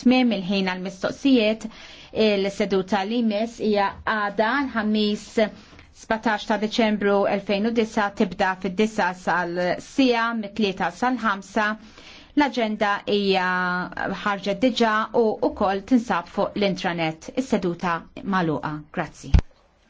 Tmiem il-ħin għal-mistoqsijiet il-seduta li mis hija għada l-ħamis 17 ta' Deċembru 2009 tibda fid-9 sal-sija mit-3 sal ħamsa l-agenda hija ħarġet diġa u ukoll tinsab fuq l-intranet is-seduta maluqa. Grazzi.